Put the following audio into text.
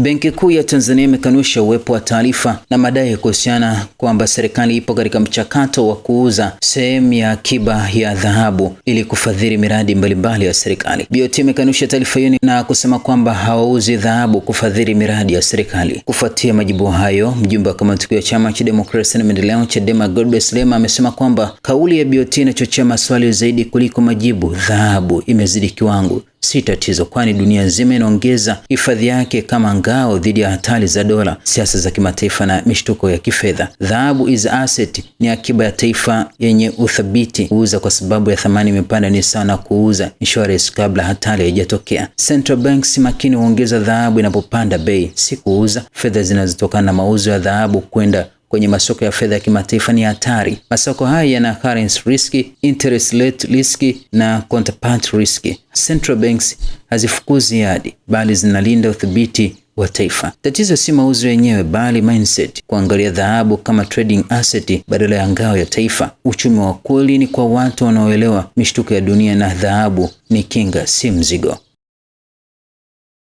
Benki Kuu ya Tanzania imekanusha uwepo wa taarifa na madai kuhusiana kwamba serikali ipo katika mchakato wa kuuza sehemu ya akiba ya dhahabu ili kufadhili miradi mbalimbali ya serikali. BOT imekanusha taarifa hiyo na kusema kwamba hawauzi dhahabu kufadhili miradi ya serikali. Kufuatia majibu hayo, mjumbe wa kamati kuu ya Chama cha Demokrasia na Maendeleo Chadema, Godbless Lema amesema kwamba kauli ya BOT inachochea maswali zaidi kuliko majibu. Dhahabu imezidi kiwango si tatizo, kwani dunia nzima inaongeza hifadhi yake kama ngao dhidi ya hatari za dola, siasa za kimataifa na mishtuko ya kifedha. Dhahabu is asset ni akiba ya taifa yenye uthabiti. Kuuza kwa sababu ya thamani imepanda ni sawa na kuuza insurance kabla hatari haijatokea. Central banks makini huongeza dhahabu inapopanda bei, si kuuza. Fedha zinazotokana na mauzo ya dhahabu kwenda kwenye masoko ya fedha ya kimataifa ni hatari. Masoko haya yana currency risk, interest rate risk na counterparty risk. Central banks hazifukuzi yadi, bali zinalinda udhibiti wa taifa. Tatizo si mauzo yenyewe, bali mindset, kuangalia dhahabu kama trading asset badala ya ngao ya taifa. Uchumi wa kweli ni kwa watu wanaoelewa mishtuko ya dunia, na dhahabu ni kinga, si mzigo.